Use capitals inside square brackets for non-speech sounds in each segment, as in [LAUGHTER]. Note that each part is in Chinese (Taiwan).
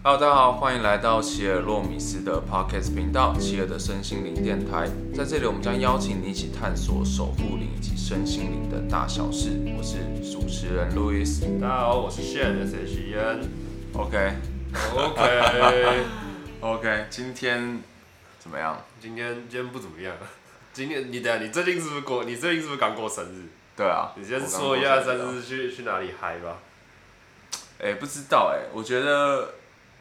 Hello，大家好，歡迎來到齊爾洛米絲的 Podcast 頻道，齊爾的身心靈電台。在這裡，我們將邀請你一起探索守護靈以及身心靈的大小事。我是主持人 Louis，大家好，我是 s h a n S H E N。Okay. OK OK OK，今天怎麼樣？今天今天不怎麼樣。今天你等下，你最近是不是過？你最近是不是剛過生日？對啊。你先說一下生日去生日、啊、去，去哪裡嗨吧。哎、欸，不知道哎、欸，我覺得。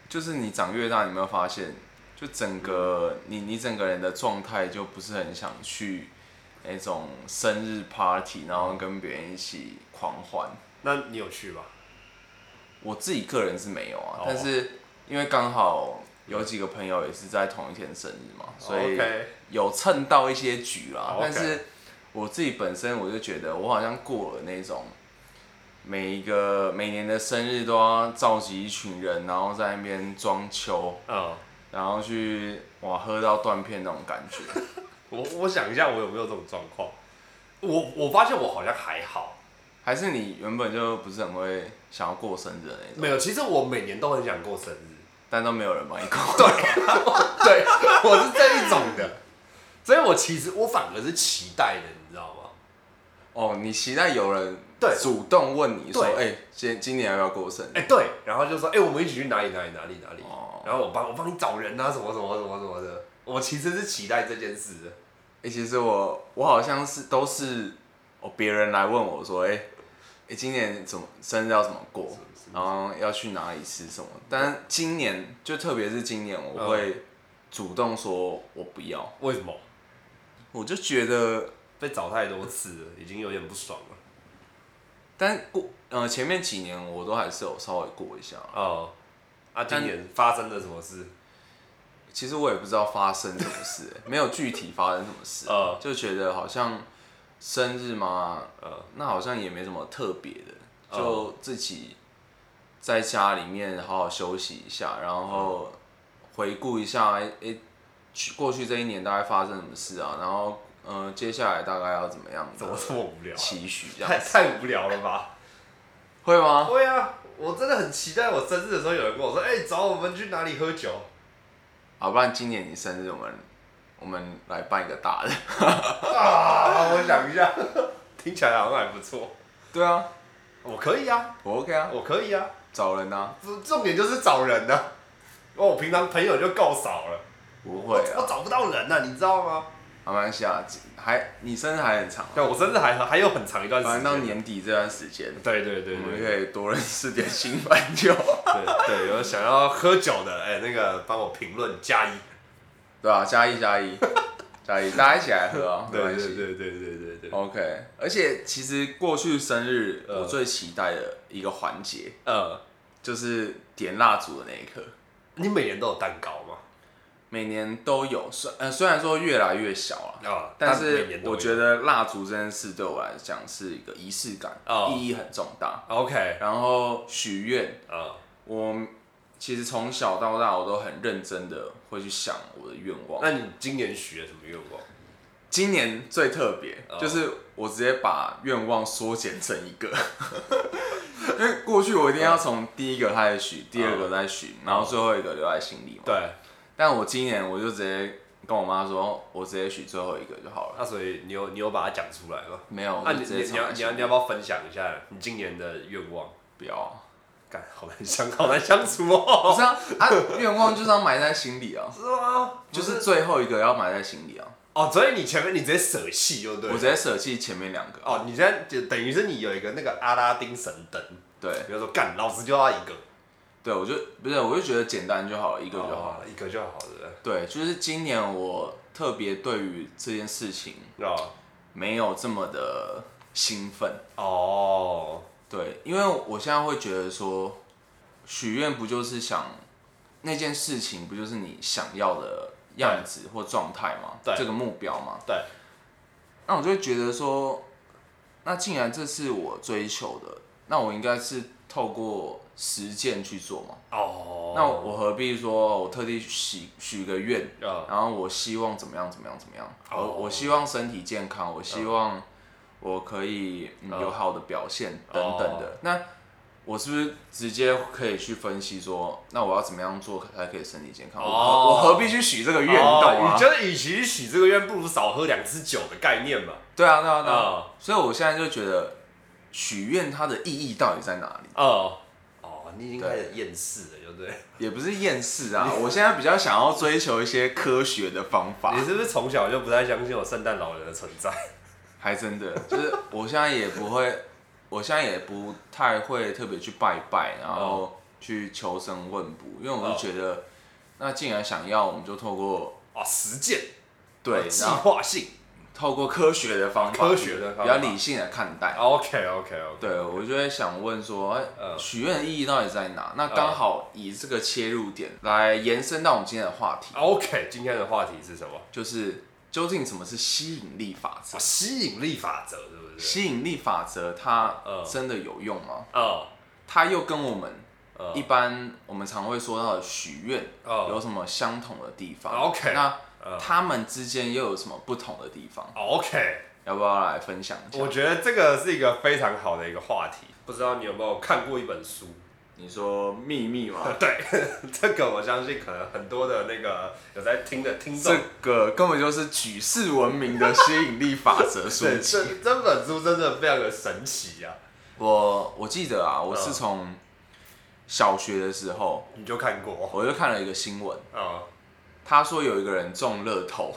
就是你長越大，你有沒有發現，就整個你你整個人的狀態就不是很想去那種生日 party，然後跟別人一起狂歡。那你有去嗎？我自己個人是沒有啊，oh. 但是因為剛好有幾個朋友也是在同一天生日嘛，所以有蹭到一些局啦。Oh, okay. 但是我自己本身我就覺得，我好像過了那種。每一個每年的生日都要召集一群人，然後在那邊裝秋，oh. 然後去哇喝到斷片那種感覺。 [LAUGHS] 我我想一下，我有沒有這種狀況？我我發現我好像還好，還是你原本就不是很會想要過生日的那種？哎，沒有，其實我每年都很想過生日，但都沒有人幫你過。對， [LAUGHS] [LAUGHS] 對，我是這一種的，所以我其實我反而是期待的，你知道嗎？哦、oh,，你期待有人。對，主動問你說：“哎、欸，今今年要不要過生日？”哎、欸，對，然後就說：“哎、欸，我們一起去哪裡哪裡哪裡哪裡。”哦，然後我幫我幫你找人啊，什麼什麼什麼什麼的。我其實是期待這件事的。哎、欸，其實我我好像是都是別人來問我說：“哎、欸，哎、欸，今年怎麼生日要怎麼過？然後要去哪裡吃什麼？”但今年就特別是今年，我會主動說：“我不要。”為什麼？我就覺得被找太多次了，已經有點不爽了。但過，呃，前面幾年我都還是有稍微過一下。哦。啊，今年發生了什麼事？其實我也不知道發生什麼事、欸， [LAUGHS] 沒有具體發生什麼事，哦、就覺得好像生日嘛，呃、哦，那好像也沒什麼特別的、哦，就自己在家裡面好好休息一下，然後回顧一下，哎、嗯欸，過去這一年大概發生什麼事啊，然後。嗯、接下來大概要怎麼樣？怎麼這麼無聊？期許這樣，太太無聊了吧？ [LAUGHS] 會嗎？會啊！我真的很期待我生日的時候有人跟我說：“哎、欸，找我們去哪裡喝酒？”好不然，今年你生日，我們我們來辦一個大的。 [LAUGHS] [LAUGHS] 啊！我想一下， [LAUGHS] 聽起來好像還不錯。對啊，我可以啊，我 OK 啊，我可以啊。找人啊。重點就是找人啊哦，我平常朋友就夠少了，不會啊，我找不到人啊，你知道嗎？沒關係啊，還你生日還很長、啊還，對，我生日還還有很長一段時間。反正到年底這段時間，對對對，對對對，我們可以多認識點新朋友。對對，有想要喝酒的，哎、欸，那個幫我評論加一，對啊，加一加一 [LAUGHS] 加一，大家一起來喝啊、喔！對對對對對對，對，對 OK，而且其實過去生日我最期待的一個環節，呃，就是點蠟燭的那一刻。你每年都有蛋糕嗎？每年都有，雖、呃、雖然說越來越小了，啊，oh, 但是我覺得蠟燭這件事對我來講是一個儀式感，oh, 意義很重大。OK，然後許願，oh. 我其實從小到大我都很認真的會去想我的願望。那你今年許了什麼願望？今年最特別，oh. 就是我直接把願望縮減成一個， [LAUGHS] 因為過去我一定要從第一個開始許，oh. 第二個再許，oh. 然後最後一個留在心裡嘛，oh. 對。但我今年我就直接跟我媽說，我直接許最後一個就好了。那所以你有你有把它講出來嗎？沒有。那、啊、你，你要你要你要不要分享一下你今年的願望？不要、啊。幹，好難相好難相處、哦。不是啊，願、啊、 [LAUGHS] 望就是要埋在心裡啊。是嗎是？就是最後一個要埋在心裡啊。哦、oh, 所以你前面你直接捨棄就對。我直接捨棄前面兩個、啊。哦、oh, 你現在就等於是你有一個那個阿拉丁神燈。對。比如說，幹，老子就要一個。對，我就不是，我就覺得簡單就好了，一個就好了，oh, 一個就好了。對，就是今年我特別對於這件事情，沒有這麼的興奮哦。Oh. 對，因為我現在會覺得說，許願不就是想那件事情，不就是你想要的樣子或狀態嗎？對，這個目標嗎？對。那我就會覺得說，那既然這是我追求的，那我應該是透過。實踐去做嘛，oh. 那我何必說我特地許許個願，uh. 然後我希望怎麼樣怎麼樣怎麼樣？Oh. 我我希望身體健康，我希望我可以、嗯 uh. 有好的表現等等的。Oh. 那我是不是直接可以去分析說，那我要怎麼樣做才可以身體健康？Oh. 我何必去許這個願？Oh. 你覺得與其許這個願，不如少喝兩支酒的概念嘛？對啊，對啊，對啊。Uh. 所以我現在就覺得許願它的意義到底在哪裡？哦、uh.。你已經開始厭世了，對不對？也不是厭世啊， [LAUGHS] 我現在比較想要追求一些科學的方法。你是不是從小就不太相信有聖誕老人的存在？還真的，就是我現在也不會， [LAUGHS] 我現在也不太會特別去拜拜，然後去求神問卜、哦，因為我就覺得、哦，那既然想要，我們就透過啊實踐，對，計、啊、劃性。透過科學的方法，科學的方法，比較理性的看待。OK OK OK, okay。Okay, okay. 對，我就會想問說，許願的意義到底在哪？Uh, 那剛好以這個切入點來延伸到我們今天的話題。Uh, OK，今天的話題是什麼？就是究竟什麼是吸引力法則、啊？吸引力法則是不是？吸引力法則它真的有用嗎？Uh, 它又跟我們、uh, 一般我們常會說到的許願、uh, 有什麼相同的地方、uh,？OK，那。他們之間又有什麼不同的地方？OK，要不要來分享一下？我覺得這個是一個非常好的一個話題。不知道你有沒有看過一本書？你說秘密嗎？ [LAUGHS] 對，這個我相信可能很多的那個有在聽的聽眾，這個根本就是舉世聞名的吸引力法則書籍。 [LAUGHS] 這這本書真的非常的神奇啊！我我記得啊，我是從小學的時候、嗯、你就看過，我就看了一個新聞啊。嗯他說有一個人中樂透，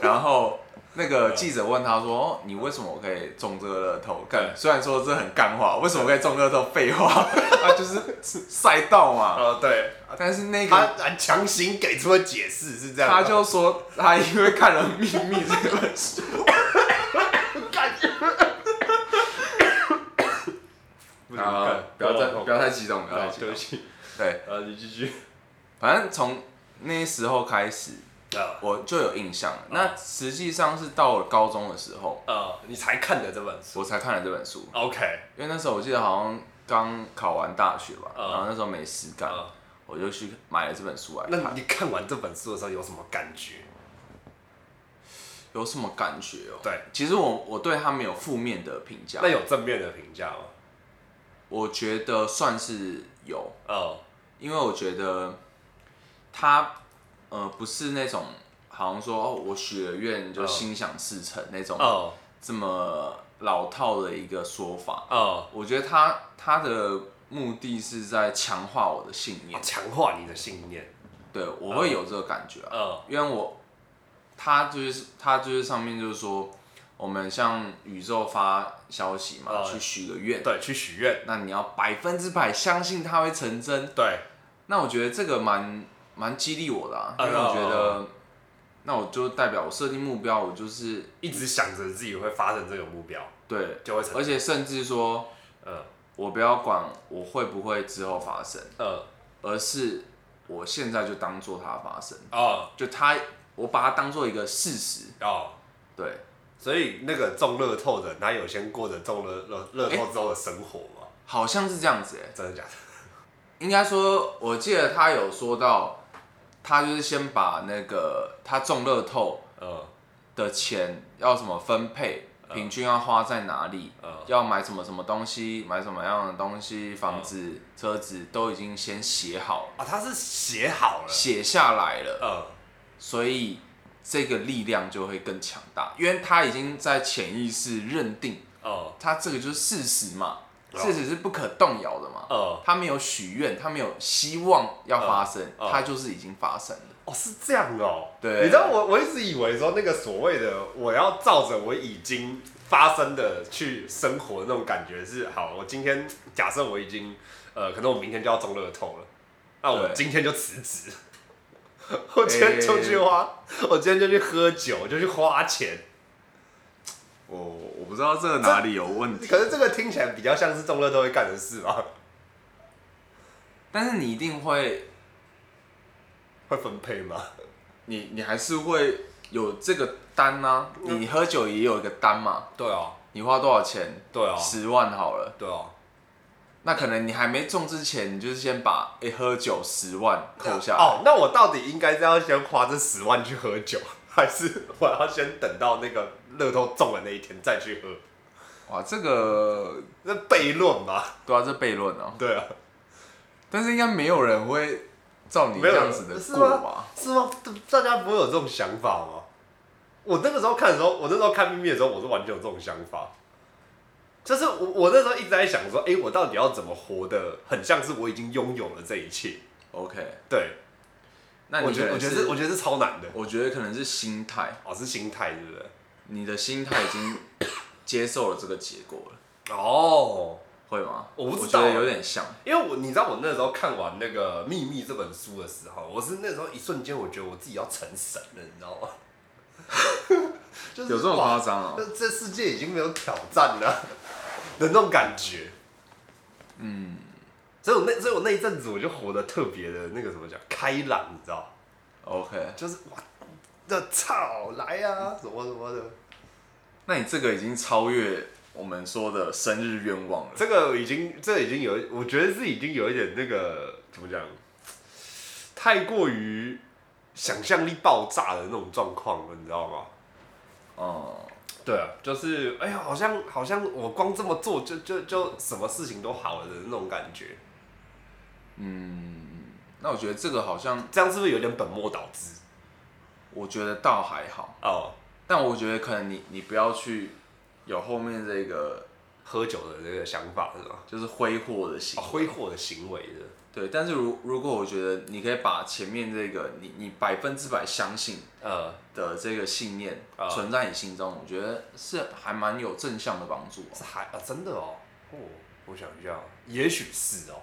然後那個記者問他說：“哦、你為什麼可以中這個樂透？”幹雖然說這很幹話，為什麼可以中樂透？廢話，他、啊、就是賽道嘛。呃、哦，對，但是那個強行給出了解釋是這樣。他就說他因為看了《秘密》這本書。不要再不要太激動，不要激動。對不起。對。呃、啊，你繼續。反正從。那時候開始，我就有印象了。Uh, 那實際上是到了高中的時候，呃，你才看的這本書，我才看了這本書。OK，因為那時候我記得好像剛考完大學吧，uh, 然後那時候沒事幹，uh, 我就去買了這本書來看。那你看完這本書的時候有什麼感覺？有什麼感覺喔？對，其實我我對它沒有負面的評價，那有正面的評價嗎？我覺得算是有，uh, 因為我覺得。他呃不是那種好像說、哦、我許了願就心想事成、呃、那種哦、呃、這麼老套的一個說法、呃、我覺得他他的目的是在強化我的信念，哦、強化你的信念，對我會有這個感覺啊，呃、因為我他就是他就是上面就是說我們向宇宙發消息嘛，呃、去許個願，對，去許願，那你要百分之百相信他會成真，對，那我覺得這個蠻。蠻激勵我的、啊，因為我覺得，那我就代表我設定目標，我就是一直想着自己會發生這個目標，對，就會成。而且甚至說，呃、嗯，我不要管我會不會之後發生，呃、嗯，而是我現在就當做它發生，哦，就它，我把它當做一個事實，哦，對。所以那個中樂透的，他有先過着中了樂樂透之後的生活嗎？欸、好像是這樣子、欸，哎，真的假的？應該說，我記得他有說到。他就是先把那個他中樂透的錢要怎麼分配，平均要花在哪裡，要買什麼什麼東西，買什麼樣的東西，房子、車子都已經先寫好啊。他是寫好了，寫下來了。所以這個力量就會更強大，因為他已經在潛意識認定，他這個就是事實嘛。事實是不可動搖的嘛。他、嗯、沒有許願，他沒有希望要發生，他、嗯嗯、就是已經發生了。哦，是這樣哦、喔。對。你知道我我一直以為說那個所謂的我要照着我已經發生的去生活的那種感覺是好。我今天假設我已經呃，可能我明天就要中樂透了，那、啊、我今天就辭職。 [LAUGHS] 我今天出去花欸欸欸，我今天就去喝酒，就去花錢。我我不知道這個哪裡有問題，可是這個聽起來比較像是中樂透會幹的事啊。但是你一定會，會分配嗎？你你還是會有這個單呢、啊嗯？你喝酒也有一個單嘛？對啊、哦，你花多少錢？對啊、哦，十萬好了。對啊、哦，那可能你還沒中之前，你就是先把、欸、喝酒十萬扣下、啊。哦，那我到底應該是要先花這十萬去喝酒？還是我要先等到那個樂透中了那一天再去喝，哇，這個是悖論吧，對啊，是悖論哦，對啊。但是應該沒有人會照你這樣子的過吧是？是嗎？大家不會有這種想法嗎？我那個時候看的時候，我那時候看秘密的時候，我是完全有這種想法。就是我我那時候一直在想說，哎、欸，我到底要怎麼活得很像是我已經擁有了這一切？OK，對。我覺得，我覺得是，我覺得是超難的。我覺得可能是心態，哦，是心態，對不對？你的心態已經接受了這個結果了。哦，會嗎？我不知道，我覺得有點像。因為我，你知道，我那時候看完那個《祕密》這本書的時候，我是那時候一瞬間，我覺得我自己要成神了，你知道嗎？ [LAUGHS] 就是、有這麼誇張啊？這世界已經沒有挑戰了的那種感覺。嗯。所以我那，所以我那一陣子我就活得特別的那個什麼講開朗，你知道？OK，就是哇，這操，來啊，什麼什麼的。那你這個已經超越我們說的生日願望了。這個已經，這個、已經有，我覺得是已經有一點那個怎麼講，太過於想象力爆炸的那種狀況了，你知道嗎？哦、嗯，對啊，就是哎呀，好像好像我光這麼做就就就什麼事情都好了的那種感覺。嗯，那我覺得這個好像這樣是不是有點本末倒置？我覺得倒還好哦、呃，但我覺得可能你你不要去有後面這個喝酒的這個想法是吧？就是揮霍的行揮霍的行為、哦、的行為。對，但是如如果我覺得你可以把前面這個你你百分之百相信呃的這個信念、呃、存在你心中，呃、我覺得是還蠻有正向的幫助、哦。是還啊，真的哦。哦，我想一下，也許是哦。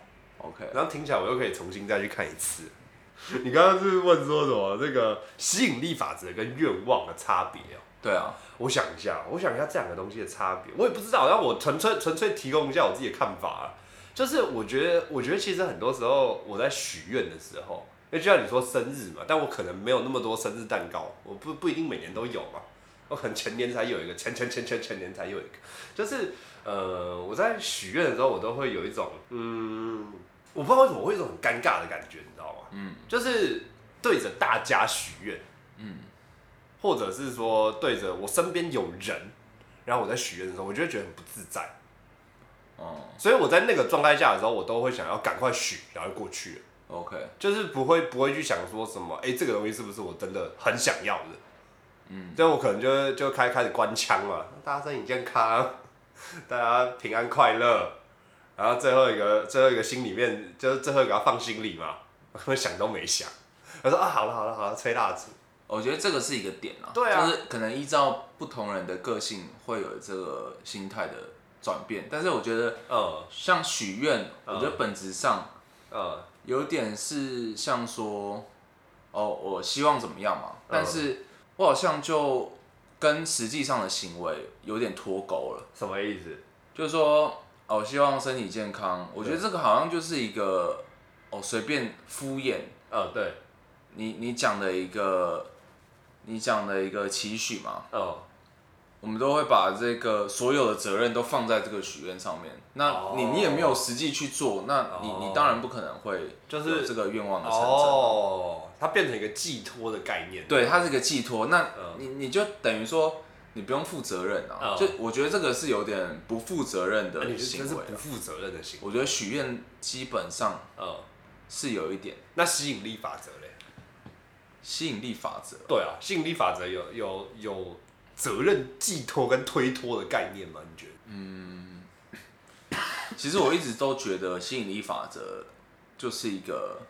Okay, 然後聽起來我又可以重新再去看一次。 [LAUGHS] 你剛剛是,是問說什麼？這、那個吸引力法則跟願望的差別啊？對啊，我想一下，我想一下這兩個東西的差別，我也不知道。讓我純粹純粹提供一下我自己的看法啊。就是我覺得，我覺得其實很多時候我在許願的時候，就像你說生日嘛，但我可能沒有那麼多生日蛋糕，我不不一定每年都有嘛。我可能前年才有一個，前前前前前前年才有一個。就是呃，我在許願的時候，我都會有一種嗯。我不知道為什麼會有一種很尷尬的感覺，你知道嗎？嗯，就是對着大家許願，嗯，或者是說對着我身邊有人，然後我在許願的時候，我就會覺得很不自在。哦、嗯，所以我在那個狀態下的時候，我都會想要趕快許，然後就過去了。OK，就是不會不會去想說什麼，哎、欸，這個東西是不是我真的很想要的？嗯，但我可能就就開始開始官腔了。大家身體健康，大家平安快樂。然後最後一個，最後一個心裡面就是最後一個要放心裡嘛， [LAUGHS] 我想都沒想，他說啊，好了好了好了，吹蠟燭。我覺得這個是一個點啊對啊，就是可能依照不同人的個性會有這個心態的轉變。但是我覺得，呃，像許願，嗯，我覺得本質上，呃，有點是像說，嗯，哦，我希望怎麼樣嘛，但是我好像就跟實際上的行為有點脫鈎了。什麼意思？就是說。哦，希望身體健康。我覺得這個好像就是一個哦，隨便敷衍。呃、嗯，對，你你講的一個，你講的一個期許嘛、嗯。我們都會把這個所有的責任都放在這個許願上面。那你、哦、你也沒有實際去做，那你、哦、你當然不可能會就是這個願望的成真、就是。哦，它變成一個寄托的概念。對，它是一個寄托。那你你就等於說。你不用負責任啊、哦，就我覺得這個是有點不負責任的行為、啊，啊、不負責任的行為。我覺得許願基本上，是有一點、哦。那吸引力法則嘞？吸引力法則？對啊，吸引力法則有有有責任寄托跟推脫的概念嗎？你覺得？嗯，其實我一直都覺得吸引力法則就是一個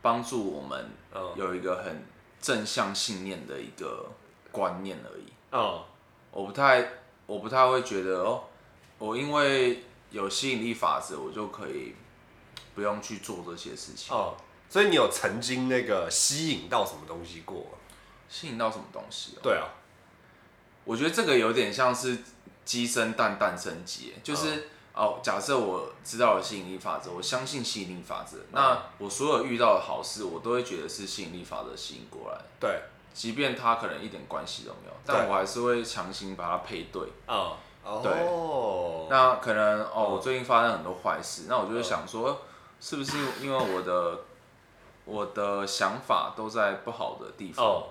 幫助我們有一個很正向信念的一個。觀念而已、嗯。我不太，我不太會覺得哦、喔，我因為有吸引力法則，我就可以不用去做這些事情。哦、嗯，所以你有曾經那個吸引到什麼東西過？吸引到什麼東西、喔？對啊，我覺得這個有點像是雞生蛋，蛋生雞。就是哦、嗯喔，假設我知道了吸引力法則，我相信吸引力法則、嗯，那我所有遇到的好事，我都會覺得是吸引力法則吸引過來的。對。即便他可能一點關係都沒有，但我還是會強行把它配對。哦，對，oh. 那可能哦，我最近發生很多壞事，oh. 那我就會想說，是不是因為我的 [LAUGHS] 我的想法都在不好的地方？Oh.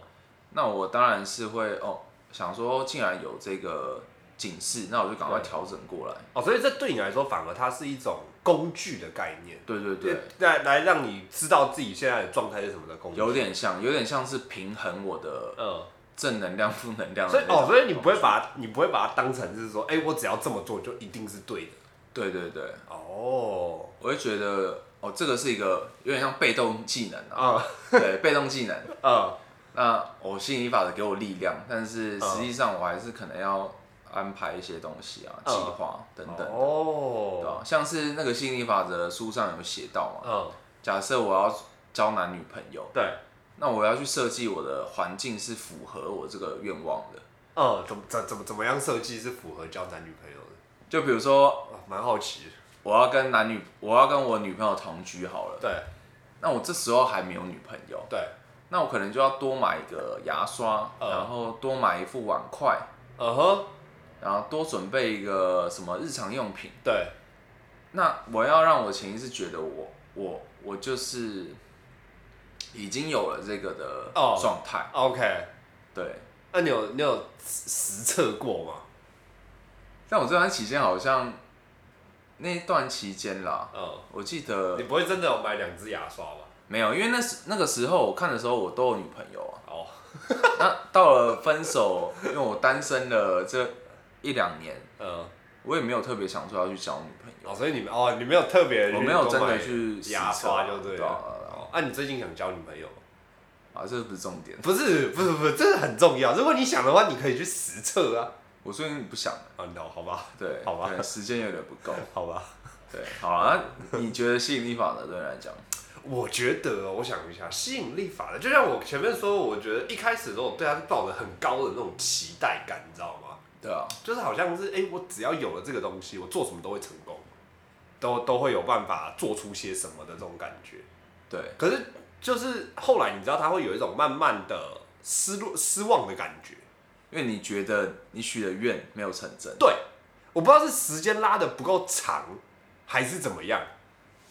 那我當然是會哦，想說既然有這個警示，那我就趕快調整過來。哦、oh，所以這對你來說，反而它是一種。工具的概念，對對對，來來讓你知道自己現在的狀態是什麼的工具，有點像，有點像是平衡我的正能量、負能量，所以哦，所以你不會把它，你不會把它當成是說，哎，我只要這麼做就一定是對的，對對對，哦，我會覺得哦，這個是一個有點像被動技能啊，嗯、 [LAUGHS] 對，被動技能啊、嗯，那我吸引力法則給我力量，但是實際上我還是可能要。安排一些東西啊，計劃、呃、等等哦，對吧？像是那個心理法則書上有寫到嘛、呃，假設我要交男女朋友，對，那我要去設計我的環境是符合我這個願望的。嗯、呃，怎麼怎麼怎麼樣設計是符合交男女朋友的？就比如說，蠻、呃、好奇，我要跟男女，我要跟我女朋友同居好了。對，那我這時候還沒有女朋友，對，那我可能就要多買一個牙刷，呃、然後多買一副碗筷。呃、嗯哼。嗯嗯嗯然後多準備一個什麼日常用品？對。那我要讓我潛意識覺得我我我就是已經有了這個的狀態。Oh, OK。對。那、啊、你有你有實測過嗎？在我這段期間好像那一段期間啦。Oh, 我記得。你不會真的有買兩只牙刷吧？沒有，因為那時那個時候我看的時候，我都有女朋友啊。哦。那到了分手， [LAUGHS] 因為我單身了，這。一兩年，呃、嗯，我也沒有特別想說要去交女朋友，哦、所以你們哦，你沒有特別、啊，我沒有真的去。啊，牙刷就對了。那、啊哦啊、你最近想交女朋友？啊，這不是重點，不是，不是，不是，這個很重要。如果你想的話，你可以去實測啊。我說你不想啊，聊。好，好吧，對，好吧。時間有點不夠，好吧，對，好啊。那你覺得吸引力法則對你來講？ [LAUGHS] 我覺得、哦，我想一下吸引力法則，就像我前面說，我覺得一開始的時候我對他是抱着很高的那種期待感，你知道嗎？對啊、哦，就是好像是哎、欸，我只要有了這個東西，我做什麼都會成功，都都會有辦法做出些什麼的這種感覺。對，可是就是後來你知道，他會有一種慢慢的失落、失望的感覺，因為你覺得你許的願沒有成真。對，我不知道是時間拉得不夠長，還是怎麼樣。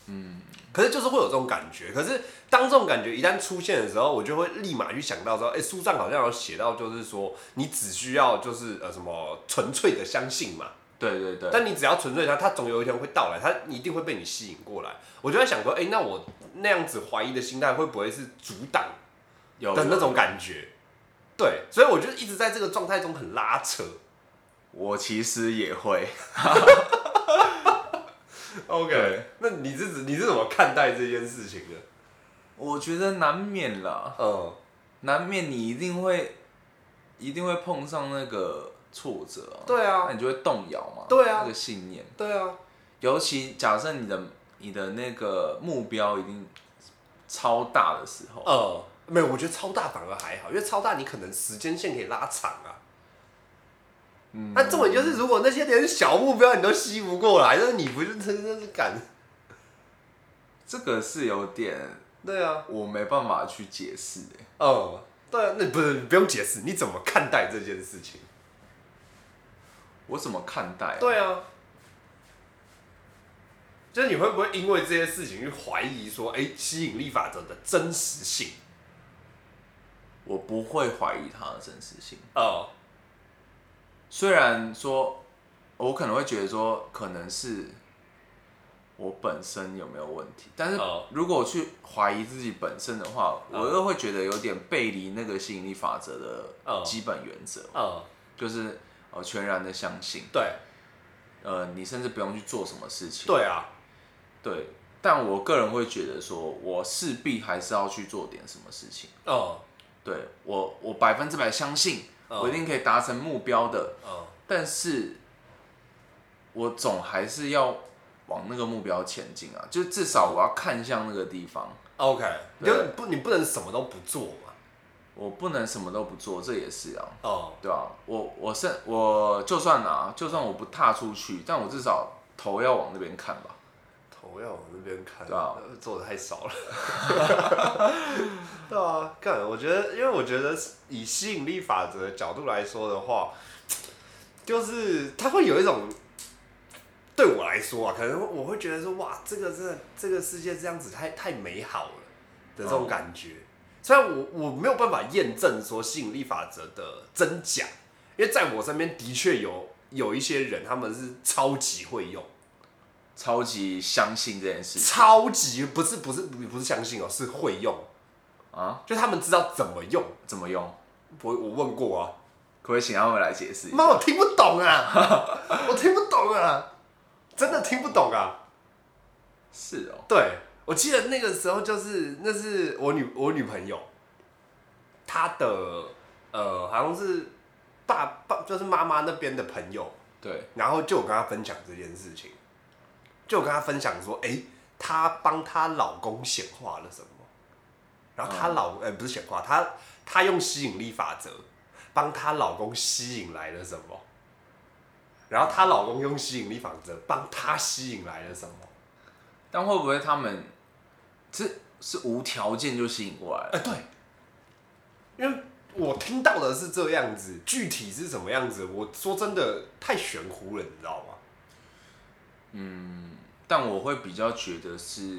嗯。可是就是會有這種感覺，可是當這種感覺一旦出現的時候，我就會立馬去想到說，哎、欸，書上好像有寫到，就是說你只需要就是呃什麼純粹的相信嘛。對對對。但你只要純粹相信，它總有一天會到來，它一定會被你吸引過來。我就在想說，哎、欸，那我那樣子懷疑的心態會不會是阻擋的那種感覺？對，所以我就一直在這個狀態中很拉扯。我其實也會。 [LAUGHS] OK，、嗯、那你是怎你是怎麼看待這件事情的？我覺得難免啦。嗯、呃，難免你一定會，一定會碰上那個挫折。對啊，那你就會動搖嘛。對啊。那個信念。對啊。尤其假設你的你的那個目標已經超大的時候。嗯、呃，沒有，我覺得超大反而還好，因為超大你可能時間線可以拉長啊。那、嗯啊、重點就是，如果那些連小目標你都吸不過來，那你不是真的是敢？這個是有點，對啊，我沒辦法去解釋、欸、哦，嗯，對啊，那不不用解釋，你怎麼看待這件事情？我怎麼看待、啊？對啊，就是你會不會因為這些事情去懷疑說，哎、欸，吸引力法則的真實性？我不會懷疑它的真實性。哦。雖然說，我可能會覺得說，可能是我本身有沒有問題，但是如果我去懷疑自己本身的話，oh. 我又會覺得有點背離那個吸引力法則的基本原則，oh. Oh. 就是我全然的相信，對，呃，你甚至不用去做什麼事情，對啊，對，但我個人會覺得說，我勢必還是要去做點什麼事情，oh. 對，我，我百分之百相信。Oh. 我一定可以達成目標的，oh. 但是，我總還是要往那個目標前進啊！就至少我要看向那個地方。OK，就你不，你不能什麼都不做嘛。我不能什麼都不做，這也是啊。哦、oh.，對啊，我我是，我就算啊，就算我不踏出去，但我至少頭要往那邊看吧。我要往那邊看，哦，做的太少了。 [LAUGHS] 對啊，幹，我覺得，因為我覺得以吸引力法則的角度來說的話，就是他會有一種對我來說，啊，可能我會覺得說，哇，這個這這個世界這樣子太太美好了的這種感覺。哦、雖然我我沒有辦法驗證說吸引力法則的真假，因為在我身邊的確有有一些人，他們是超級會用。超級相信這件事，超級不是不是不是相信哦，是會用啊，就他們知道怎麼用怎麼用，我我問過啊，可不可以請他們來解釋？媽，我聽不懂啊， [LAUGHS] 我聽不懂啊，真的聽不懂啊，是哦，對，我記得那個時候就是那是我女我女朋友，她的呃好像是爸爸就是媽媽那邊的朋友，對，然後就我跟她分享這件事情。就跟他分享說，誒、欸，她幫她老公顯化了什麼？然後她老，誒、嗯欸，不是顯化，她她用吸引力法則，幫她老公吸引來了什麼？然後她老公用吸引力法則幫她吸引來了什麼？但會不會他們，是是無條件就吸引過來了？哎、欸，對，因為我聽到的是這樣子，具體是什麼樣子？我說真的太玄乎了，你知道嗎？嗯，但我會比較覺得是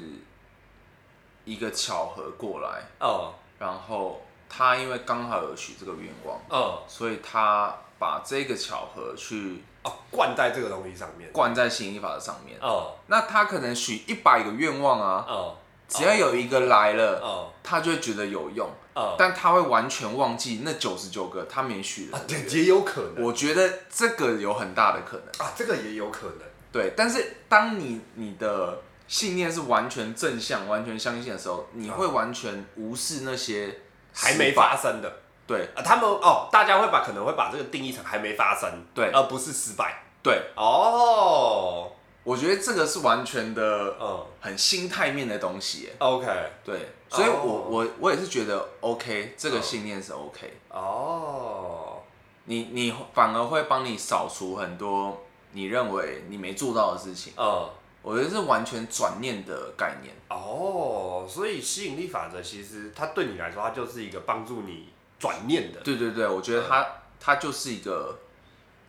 一個巧合過來哦，oh. 然後他因為剛好有許這個願望，oh. 所以他把這個巧合去啊灌在這個東西上面，灌在吸引力法的上面，oh. 那他可能許一百個願望啊，哦、oh.，只要有一個來了，哦、oh.，他就會覺得有用，哦、oh.，但他會完全忘記那九十九個他沒許的、啊，也有可能，我覺得這個有很大的可能啊，這個也有可能。對，但是當你你的信念是完全正向、完全相信的時候，你會完全無視那些還沒發生的。對，他們哦，大家會把可能會把這個定義成還沒發生，對，而、呃、不是失敗。對，哦、oh，我覺得這個是完全的，嗯、oh，很心態面的東西。OK，對，所以我、oh，我我我也是覺得 OK，這個信念是 OK。哦、oh，你你反而會幫你掃除很多。你認為你沒做到的事情，嗯、呃，我覺得是完全轉念的概念哦，所以吸引力法則其實它對你來說，它就是一個幫助你轉念的，對對對，我覺得它、嗯、它就是一個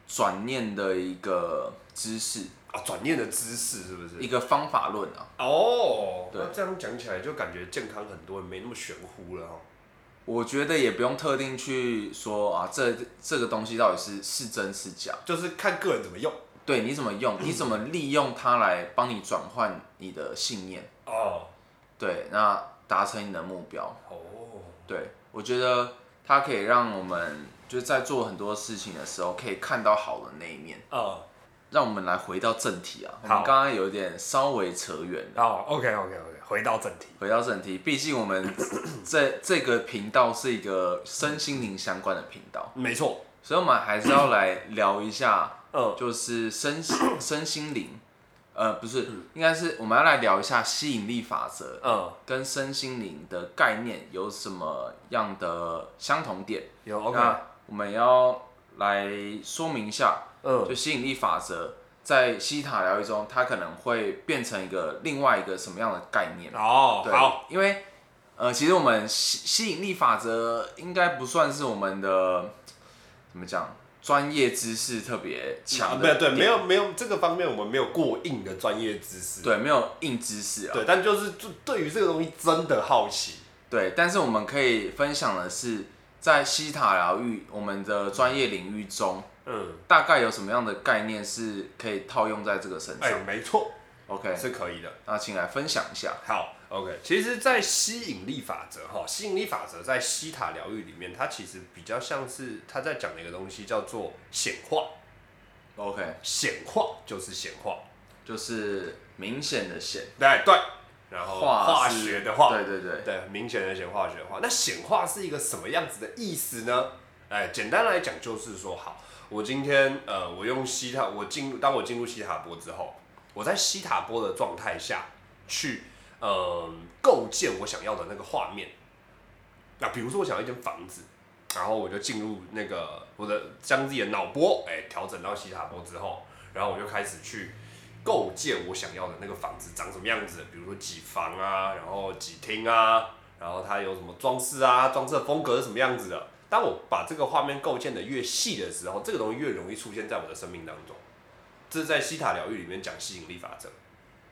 轉念的一個知識啊，轉念的知識是不是一個方法論啊？哦，對，那這樣講起來就感覺健康很多，沒那麼玄乎了。我覺得也不用特定去說啊，這這個東西到底是是真是假，就是看個人怎麼用。對，你怎麼用？你怎麼利用它來幫你轉換你的信念？哦、oh.，對，那達成你的目標。哦、oh.，對，我覺得它可以讓我們就在做很多事情的時候，可以看到好的那一面。哦、oh.，讓我們來回到正題啊！Oh. 我們剛剛有點稍微扯遠了。哦、oh.，OK，OK，OK，、okay, okay, okay. 回到正題，回到正題。畢竟我們這 [COUGHS] 這個頻道是一個身心靈相關的頻道，嗯、沒錯。所以，我們還是要來聊一下。呃，就是身 [COUGHS] 身心靈，呃，不是，嗯、應該是我們要來聊一下吸引力法則，呃，跟身心靈的概念有什麼樣的相同點？有、okay，那我們要來說明一下，呃，就吸引力法則在西塔療癒中，它可能會變成一個另外一個什麼樣的概念？哦，對。因為呃，其實我們吸吸引力法則應該不算是我們的怎麼講？專業知識特別強，嗯，對對，沒有沒有這個方面，我們沒有過硬的專業知識，對，沒有硬知識啊。對，但就是對於這個東西真的好奇，對。但是我們可以分享的是，在希塔療癒我們的專業領域中，嗯，大概有什麼樣的概念是可以套用在這個身上？哎、欸，沒錯，OK 是可以的。那請來分享一下，好。OK，其實，在吸引力法則哈，吸引力法則在西塔療癒裡面，它其實比較像是他在講的一個東西，叫做顯化。OK，顯化就是顯化，就是明顯的顯，對對，然後化學的化，對對對對，明顯的顯化學化。那顯化是一個什麼樣子的意思呢？哎，簡單來講就是說，好，我今天呃，我用西塔，我進入，當我進入西塔波之後，我在西塔波的狀態下去。呃、嗯，構建我想要的那個畫面。那比如說，我想要一間房子，然後我就進入那個我的將自己的腦波，哎、欸，調整到西塔波之後，然後我就開始去構建我想要的那個房子長什麼樣子。比如說幾房啊，然後幾廳啊，然後它有什麼裝飾啊，裝飾的風格是什麼樣子的。當我把這個畫面構建的越細的時候，這個東西越容易出現在我的生命當中。這是在西塔療癒裡面講吸引力法則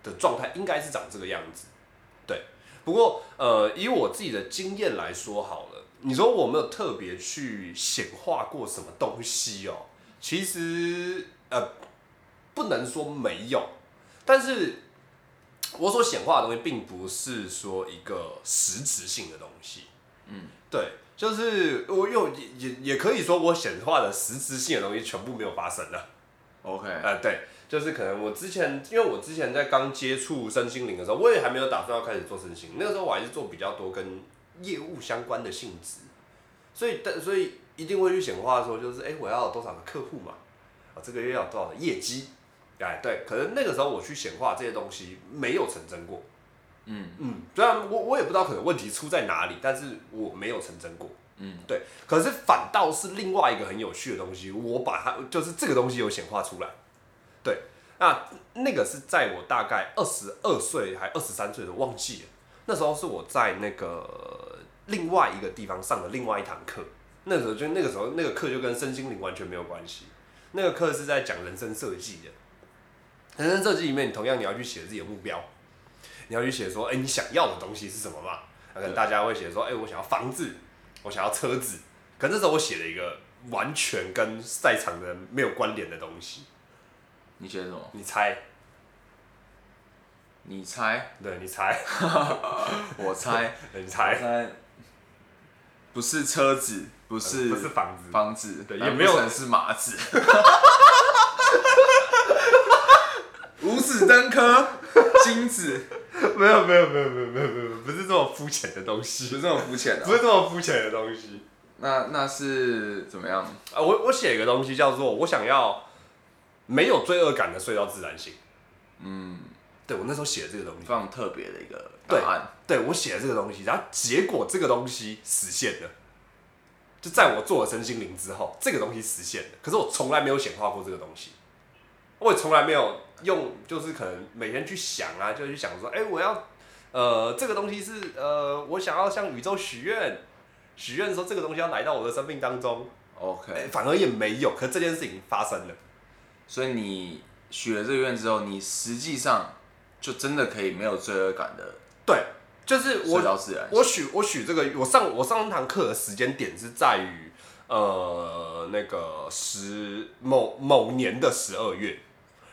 的狀態，應該是長這個樣子。對，不過呃，以我自己的經驗來說，好了，你說我沒有特別去顯化過什麼東西哦，其實呃，不能說沒有，但是，我所顯化的東西，並不是說一個實質性的東西，嗯，對，就是我又也也可以說，我顯化的實質性的東西，全部沒有發生了，OK，呃，對。就是可能我之前，因為我之前在剛接觸身心靈的時候，我也還沒有打算要開始做身心靈，那個時候我還是做比較多跟業務相關的性質，所以但所以一定會去顯化的時候，就是哎、欸、我要有多少個客戶嘛，啊這個月要有多少的業績，哎對，可是那個時候我去顯化這些東西沒有成真過，嗯嗯，雖然、啊、我我也不知道可能問題出在哪裡，但是我沒有成真過，嗯對，可是反倒是另外一個很有趣的東西，我把它就是這個東西有顯化出來。對，那那個是在我大概二十二歲還二十三歲的，忘記了。那時候是我在那個另外一個地方上的另外一堂課。那時候就那個時候那個課就跟身心靈完全沒有關係。那個課是在講人生設計的，人生設計裡面，同樣你要去寫自己的目標，你要去寫說，哎、欸，你想要的東西是什麼嘛、啊？可能大家會寫說，哎、欸，我想要房子，我想要車子。可是那時候我寫了一個完全跟在場的沒有關聯的東西。你猜什麼？你猜。你猜。對，你猜， [LAUGHS] 我猜， [LAUGHS] 你猜。我猜。對，你猜。不是車子，不是、嗯。不是房子。房子。對，嗯、也沒有人是馬子。哈哈哈哈，五子登科，金子，沒有，沒有，沒有，沒有，沒有，沒有，不是這種膚淺的東西。不是這種膚淺的。不是這種膚淺的東西。 [LAUGHS] 那那是怎麼樣？啊，我我寫一個東西叫做我想要。沒有罪惡感的睡到自然醒，嗯，對我那時候寫了這個東西，非常特別的一個答案。對，對，我寫了這個東西，然後結果這個東西實現了，就在我做了身心靈之後，這個東西實現了。可是我從來沒有顯化過這個東西，我也從來沒有用，就是可能每天去想啊，就去想說，哎，我要呃這個東西是呃我想要向宇宙許願，許願說這個東西要來到我的生命當中。OK，反而也沒有，可是這件事情發生了。所以你許了這個願之後，你實際上就真的可以沒有罪惡感的。對，就是我學，我許我許這個，我上我上一堂課的時間點是在於呃那個十某某年的十二月，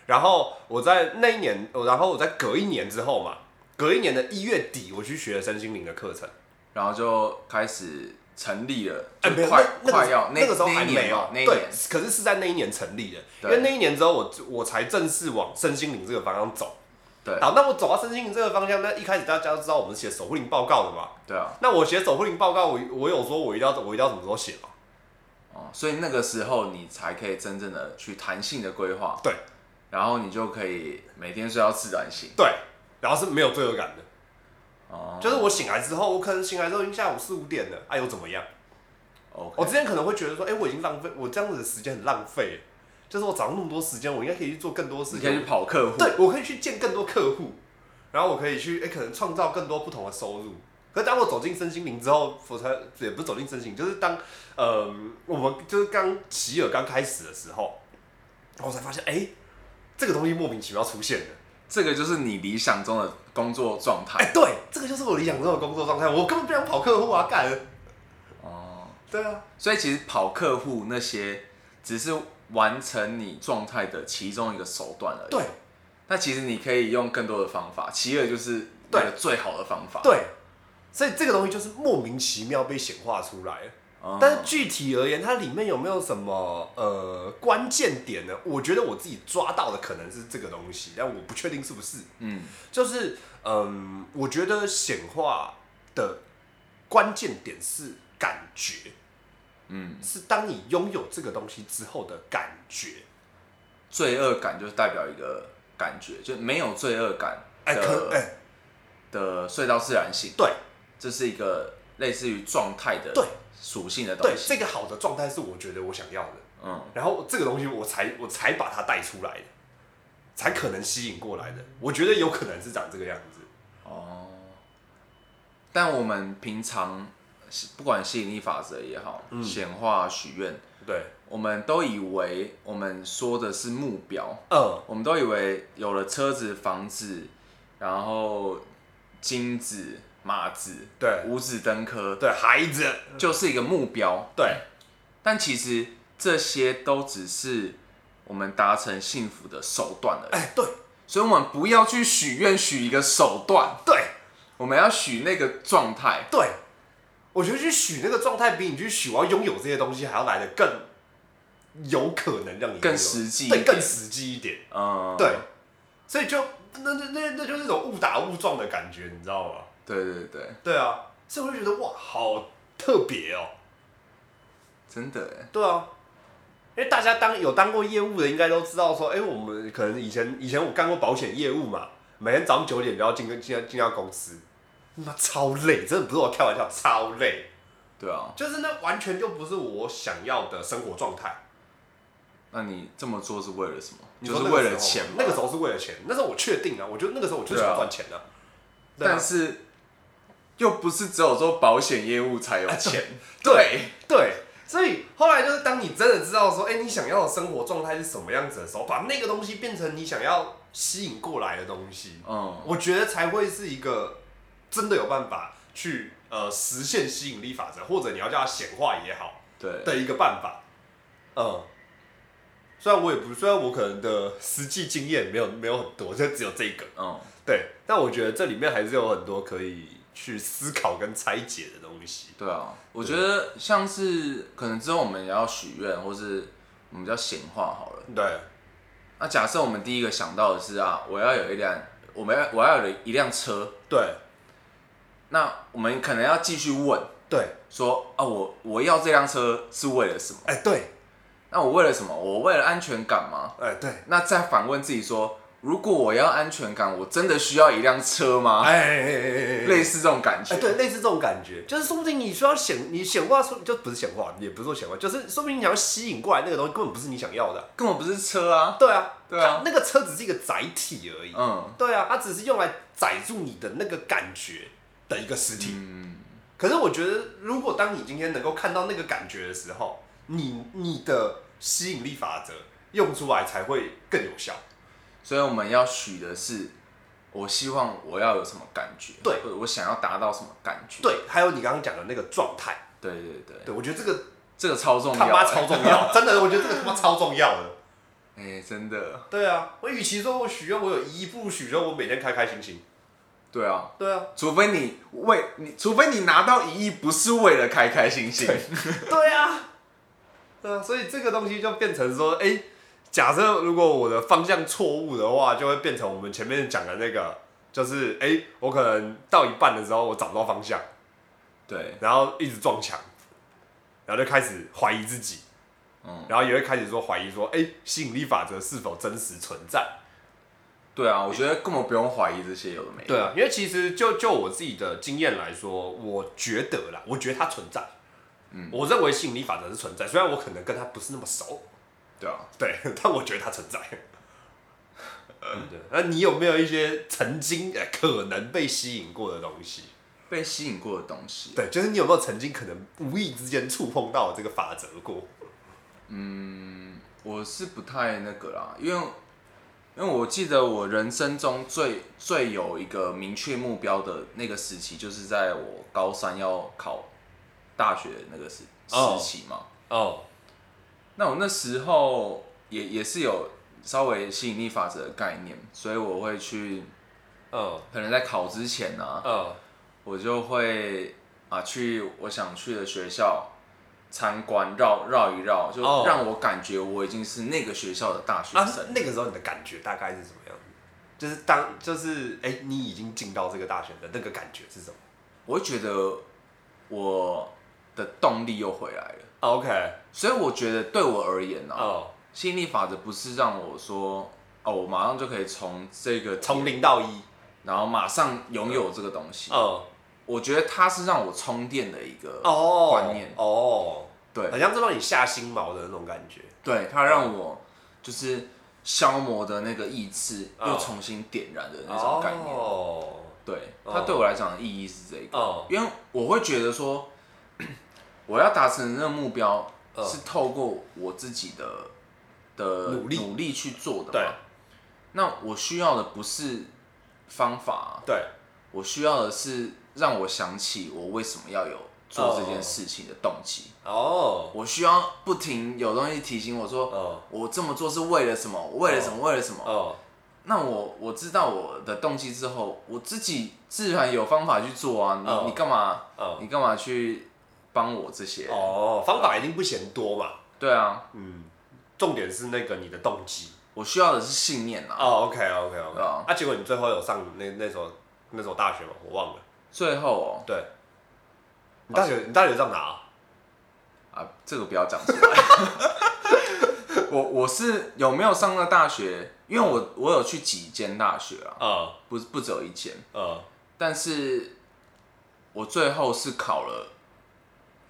然後我在那一年，然後我在隔一年之後嘛，隔一年的一月底，我去學了身心靈的課程，然後就開始。成立了，快、欸那個，快要那，那個時候還沒有、啊、對，可是是在那一年成立的，因為那一年之後我，我我才正式往身心靈這個方向走。對，好，那我走到身心靈這個方向，那一開始大家都知道我們是寫守護靈報告的嘛。對啊。那我寫守護靈報告，我我有說我一定要，我一定要什麼時候寫嗎、啊？哦，所以那個時候你才可以真正的去彈性的規劃。對。然後你就可以每天睡到自然醒。對。然後是沒有罪惡感的。就是我醒來之後，我可能醒來之後已經下午四五點了，哎、啊，又怎麼樣，okay. 我之前可能會覺得說，哎、欸，我已經浪費，我這樣子的時間很浪費。就是我早上那麼多時間，我應該可以去做更多事情去跑客戶，對我可以去見更多客戶，然後我可以去，哎、欸，可能創造更多不同的收入。可是當我走進身心靈之後，我才也不是走進身心靈，就是當，呃，我們就是剛齊爾剛開始的時候，然後我才發現，哎、欸，這個東西莫名其妙出現的，這個就是你理想中的工作狀態，哎、欸，對，這個就是我理想中的工作狀態。我根本不想跑客戶啊，幹。哦、嗯，對啊，所以其實跑客戶那些只是完成你狀態的其中一個手段而已。對，那其實你可以用更多的方法，其二就是對最好的方法對。對，所以這個東西就是莫名其妙被顯化出來了。但是具體而言，它裡面有沒有什麼呃關鍵點呢？我覺得我自己抓到的可能是這個東西，但我不確定是不是。嗯，就是嗯，我覺得顯化的關鍵點是感覺，嗯，是當你擁有這個東西之後的感覺。罪惡感就是代表一個感覺，就沒有罪惡感的睡到、欸欸、自然醒，對，這、就是一個。類似於狀態的屬性的東西，對對，這個好的狀態是我覺得我想要的，嗯，然後這個東西我才我才把它帶出來的，才可能吸引過來的，我覺得有可能是長這個樣子哦。但我們平常不管吸引力法則也好，顯、嗯、化許願，對，我們都以為我們說的是目標，嗯，我們都以為有了車子、房子，然後金子。馬子，對，五子登科對，孩子就是一個目標對，但其實這些都只是我們達成幸福的手段而已哎、欸、對，所以我們不要去許願許一個手段對，我們要許那個狀態。對，我覺得去許那個狀態比你去許我要擁有這些東西還要來得更有可能讓你更實際。對，更實際一點。嗯，對，所以就那那那那就是那種誤打誤撞的感覺你知道嗎？對對對，對啊，所以我就覺得哇，好特別哦，真的哎。對啊，因為大家當有當過業務的，應該都知道說，哎，我們可能以前以前我幹過保險業務嘛，每天早上九點都要進個進，進到公司，那超累，真的不是我開玩笑，超累。對啊，就是那完全就不是我想要的生活狀態。那你這麼做是為了什麼？就是為了錢那。那個時候是為了錢，那時候我確定啊，我覺得那個時候我就是想賺錢的、啊啊啊，但是。又不是只有做保險業務才有錢。啊，對對，所以後來就是當你真的知道說，哎、欸，你想要的生活狀態是什麼樣子的時候，把那個東西變成你想要吸引過來的東西，嗯，我覺得才會是一個真的有辦法去呃實現吸引力法則，或者你要叫它顯化也好，對的一個辦法，嗯，雖然我也不，雖然我可能的實際經驗沒有沒有很多，就只有這個，嗯，對，但我覺得這裡面還是有很多可以。去思考跟拆解的東西。對啊，我覺得像是可能之後我們也要許願，或是我們比較顯化好了。對。那假設我們第一個想到的是啊，我要有一輛，我們要我要有一一輛車。對。那我們可能要繼續問。對。說啊，我我要這輛車是為了什麼？哎、欸，對。那我為了什麼？我為了安全感嗎？哎、欸，對。那再反問自己說。如果我要安全感，我真的需要一輛車嗎？哎、欸欸，欸欸欸、類似這種感覺、欸，對，類似這種感覺，就是說不定你需要顯，你顯化說就不是顯化，也不是說顯化，就是說明你要吸引過來那個東西根本不是你想要的、啊，根本不是車啊，對啊。對啊，對啊，那個車只是一個載體而已。嗯，對啊，它只是用來載住你的那個感覺的一個實體。嗯，可是我覺得，如果當你今天能夠看到那個感覺的時候，你你的吸引力法則用出來才會更有效。所以我們要許的是，我希望我要有什麼感覺，對，或者我想要達到什麼感覺，對，還有你剛剛講的那個狀態，對，對對對，對我覺得這個這個超重要，他媽超重要，真的，我覺得這個他媽、這個、超重要的，哎、欸 [LAUGHS] 欸，真的，對啊，我與其說我許願我有一億，不如許我每天開開心心，對啊，對啊，除非你為你除非你拿到一億不是為了開開心心，對， [LAUGHS] 對啊，對啊，所以這個東西就變成說，哎、欸。假設如果我的方向錯誤的話，就會變成我們前面講的那個，就是哎、欸，我可能到一半的時候我找不到方向，對，然後一直撞牆，然後就開始懷疑自己，嗯，然後也會開始說懷疑說，哎、欸，吸引力法則是否真實存在？對啊，我覺得根本不用懷疑這些有的沒的。對啊，因為其實就就我自己的經驗來說，我覺得啦，我覺得它存在，嗯，我認為吸引力法則是存在，雖然我可能跟他不是那麼熟。對，啊、對，但我覺得它存在。呃、嗯，對。那你有沒有一些曾經可能被吸引過的東西？被吸引過的東西。對，就是你有沒有曾經可能無意之間觸碰到我這個法則過？嗯，我是不太那個啦，因為因為我記得我人生中最最有一個明確目標的那個時期，就是在我高三要考大學的那個時時期嘛。哦、oh, oh.。那我那時候也也是有稍微吸引力法則的概念，所以我會去，呃、oh.，可能在考之前呢、啊，oh. 我就會啊去我想去的學校參觀，繞繞一繞，就讓我感覺我已經是那個學校的大學生、oh. 啊。那個時候你的感覺大概是什麼樣子？就是當就是哎、欸、你已經進到這個大學的那個感覺是什麼？我會覺得我的動力又回來了。O、okay, K，所以我覺得對我而言、喔、哦，吸引力法則不是讓我說哦，oh, 我馬上就可以從這個從零到一，然後馬上擁有這個東西。哦、嗯，我覺得它是讓我充電的一個觀念。哦，對，好、哦、像是讓你下心毛的那種感覺。對，它讓我就是消磨的那個意志、哦，又重新點燃的那種概念。哦，對，哦、對它對我來講的意義是這個、哦，因為我會覺得說。我要達成的目標、呃、是透過我自己的的努力，努力去做的。對，那我需要的不是方法，對，我需要的是讓我想起我為什麼要有做這件事情的動機。哦，我需要不停有東西提醒我說，哦、我這麼做是為了什麼？為了什麼？哦、為了什麼？哦，那我我知道我的動機之後，我自己自然有方法去做啊。你、哦、你幹嘛？哦、你幹嘛去？幫我這些哦，oh, 方法一定不嫌多嘛。Uh, 對啊，嗯，重點是那個你的動機。我需要的是信念啊。哦，OK，OK，OK。啊，結果你最後有上那那所那所大學嗎？我忘了。最後哦。對。大學你大學上哪啊，啊？這個不要講出來。 [LAUGHS] [LAUGHS] 我我是有沒有上過大學？因為我我有去幾間大學啊。啊、uh,。不不只有一間。啊、uh,。但是我最後是考了。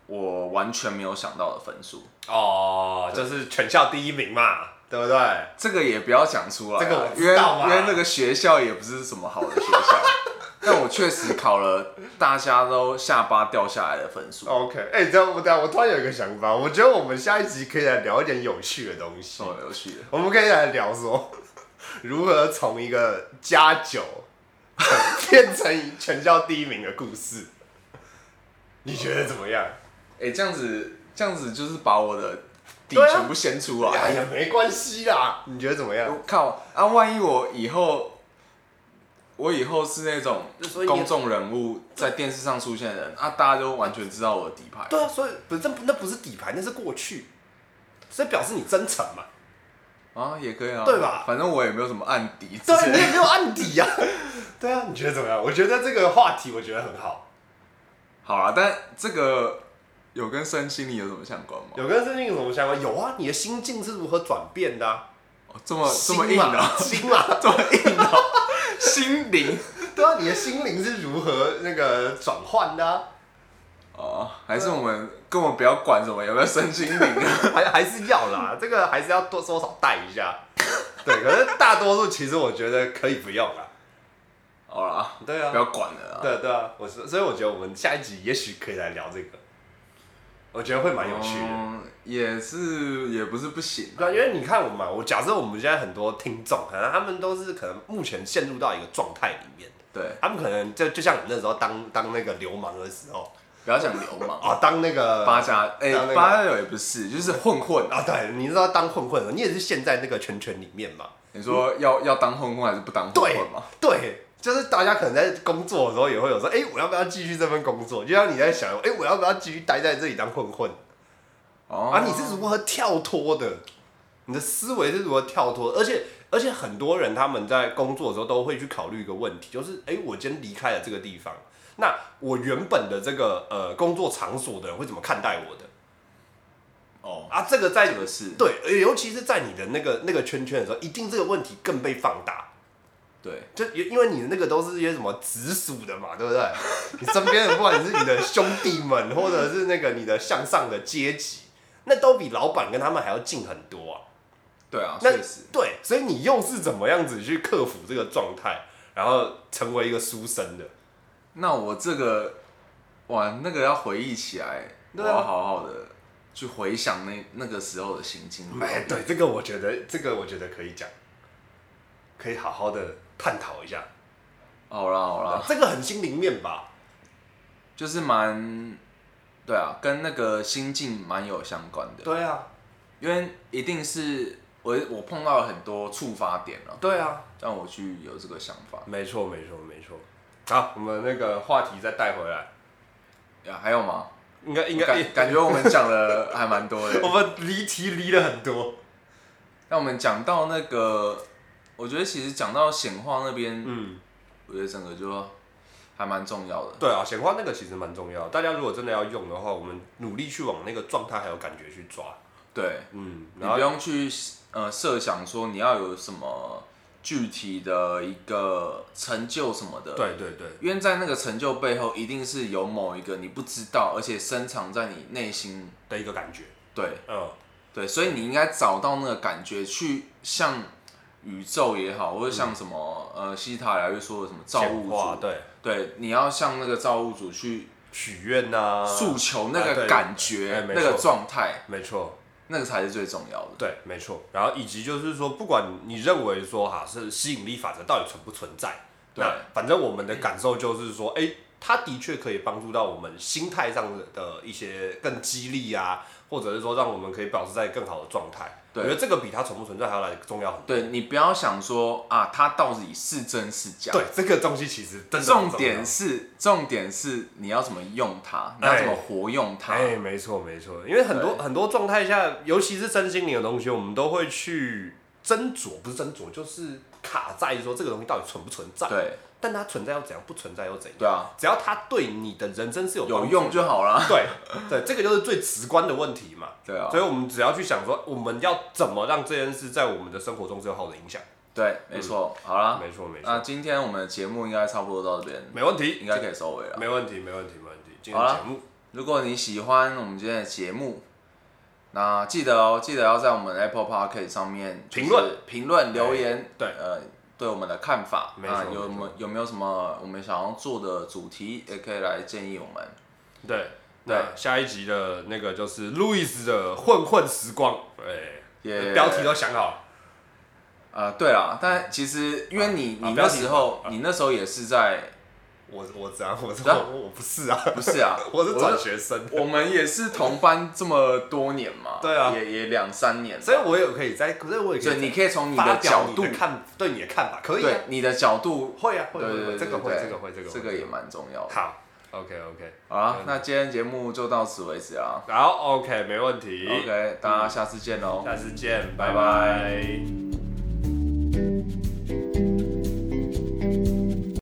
我完全沒有想到的分數哦，oh, 就是全校第一名嘛，對，對不對？這個也不要講出來，這個我，因為因為那個學校也不是什麼好的學校。 [LAUGHS] 但我確實考了大家都下巴掉下來的分數。OK，哎，欸，這樣對我，我突然有一個想法，我覺得我們下一集可以來聊一點有趣的東西。哦，有趣的。我們可以來聊說如何從一個加九 [LAUGHS] 變成全校第一名的故事， [LAUGHS] 你覺得怎麼樣？Oh, okay. 哎、欸，這樣子，這樣子就是把我的底全部掀出來。啊、哎呀，沒關係啦，你覺得怎麼樣？我靠！啊，萬一我以後，我以後是那種公眾人物，在電視上出現的人，啊，啊大家都完全知道我的底牌。對啊，所以本身那不是底牌，那是過去，所以表示你真誠嘛。啊，也可以啊，對吧？反正我也沒有什麼案底。對，你也沒有案底呀、啊。 [LAUGHS] 對啊，你覺得怎麼樣？我覺得這個話題，我覺得很好。好啊，但這個。有跟身心靈有什麼相關嗎？有跟身心靈有什麼相關？有啊，你的心境是如何轉變的、啊？哦，這麼這麼硬的，心啊，這麼硬的、啊，心靈，啊 [LAUGHS] 心靈 [LAUGHS] 對啊，你的心靈是如何那個轉換的、啊？哦，還是我們根本不要管什麼有沒有身心靈、啊，還 [LAUGHS] 還是要啦，這個還是要多多少帶一下。 [LAUGHS] 對，可是大多數其實我覺得可以不用了。哦，對啊，不要管了。對啊對啊，我是所以我覺得我們下一集也許可以來聊這個。我覺得會蠻有趣的、嗯，也是也不是不行、啊。因為你看我嘛，我假設我們現在很多聽眾，可能他們都是可能目前陷入到一個狀態裡面。對，他們可能就就像你那時候當當那個流氓的時候，不要講流氓 [LAUGHS] 啊，當那個八家、欸，當那個八家友也不是，就是混混啊。對，你知道當混混你也是陷在那個圈圈裡面嘛。你說要、嗯、要當混混還是不當混混嘛？對。對就是大家可能在工作的時候也會有說，哎、欸，我要不要繼續這份工作？就像你在想，哎、欸，我要不要繼續待在這裡當混混？哦、oh.，啊，你是如何跳脫的？你的思維是如何跳脫的？而且，而且很多人他們在工作的時候都會去考慮一個問題，就是，哎、欸，我今天離開了這個地方，那我原本的這個呃工作場所的人會怎麼看待我的？哦、oh.，啊，這個在你、就是，對，尤其是在你的那個那個圈圈的時候，一定這個問題更被放大。對，就因因為你的那個都是一些什麼直屬的嘛，對不對？ [LAUGHS] 你身邊的，不管是你的兄弟們，或者是那個你的向上的階級，那都比老闆跟他們還要近很多啊。對啊，確實。對，所以你又是怎麼樣子去克服這個狀態，然後成為一個書生的？那我這個，哇，那個要回憶起來，對啊、我要好好的去回想那那個時候的心境。哎、欸，對，這個我覺得，這個我覺得可以講，可以好好的。探討一下，好啦好啦，這個很心靈面吧，就是蠻，對啊，跟那個心境蠻有相關的。對啊，因為一定是我我碰到了很多觸發點啊。對啊，讓我去有這個想法。沒錯沒錯沒錯。好，我們那個話題再帶回來。呀，還有嗎？應該應該感，感覺我們講的還蠻多的。 [LAUGHS] 我們離題離了很多。那我們講到那個。我覺得其實講到顯化那邊，嗯，我覺得整個就還蠻重要的。對啊，顯化那個其實蠻重要的。大家如果真的要用的話，我們努力去往那個狀態還有感覺去抓。對，嗯，你不用去呃設想說你要有什麼具體的一個成就什麼的。對對對。因為在那個成就背後，一定是有某一個你不知道，而且深藏在你內心的一個感覺。對，嗯，對，所以你應該找到那個感覺去向。宇宙也好，或者像什麼、嗯，呃，希塔來又說的什麼造物主，對對，你要向那個造物主去許願吶、啊，訴求那個感覺，啊、那個狀態、欸，沒錯、那個，那個才是最重要的。對，沒錯。然後以及就是說，不管你認為說哈是吸引力法則到底存不存在，對，反正我們的感受就是說，哎、嗯欸，它的確可以幫助到我們心態上的一些更激勵啊。或者是說，讓我們可以保持在更好的狀態，我覺得這個比它存不存在還要來重要很多對。對，你不要想說啊，它到底是真是假？對，這個東西其實真的很重要，重點是重點是你要怎麼用它，你要怎麼活用它？哎、欸欸，沒錯沒錯，因為很多很多狀態下，尤其是身心靈的東西，我們都會去斟酌，不是斟酌就是。卡在說這個東西到底存不存在？對，但它存在又怎樣？不存在又怎樣？對啊，只要它對你的人生是有有用就好了。對對，這個就是最直觀的問題嘛。對啊，所以我們只要去想說，我們要怎麼讓這件事在我們的生活中是有好的影響。對，沒錯、嗯。好了，沒錯沒錯。那今天我們的節目應該差不多到這邊，沒問題，應該可以收尾了。沒問題，沒問題，沒問題。今天節目好了，如果你喜歡我們今天的節目，那記得哦，記得要在我們 Apple Podcast 上面評論、評論、留言，yeah, 呃、對，呃，對我們的看法沒錯啊，有沒有沒，有沒有什麼我們想要做的主題，也可以來建議我們。對，對，下一集的那個就是路易斯的混混時光，對、欸，yeah, 標題都想好。啊、呃，對了，但其實因為你、啊、你那時候、啊、你那時候也是在。我我知道我、啊、我，我不是啊，不是啊， [LAUGHS] 我是轉學生我。我們也是同班這麼多年嘛， [LAUGHS] 對啊，也也兩三年，所以我也可以在，可是我也可以。可以你可以從你的角度的看，對你，角度你看對你的看法，可以。你的角度會啊，對對對，對，對，對對對，這個會，這個會，這個這個也蠻重要的。好，OK OK，好，okay, 那今天節目就到此為止啊。好，OK，沒問題。OK，大家下次見嘍，下次見，拜拜。拜拜